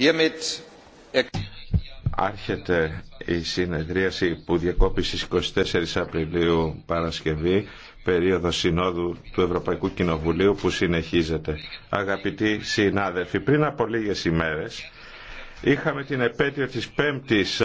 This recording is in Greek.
Er- Άρχεται η συνεδρίαση που διακόπη στις 24 Απριλίου Παρασκευή, περίοδο Συνόδου του Ευρωπαϊκού Κοινοβουλίου που συνεχίζεται. Αγαπητοί συνάδελφοι, πριν από λίγες ημέρες είχαμε την επέτειο της πέμπτης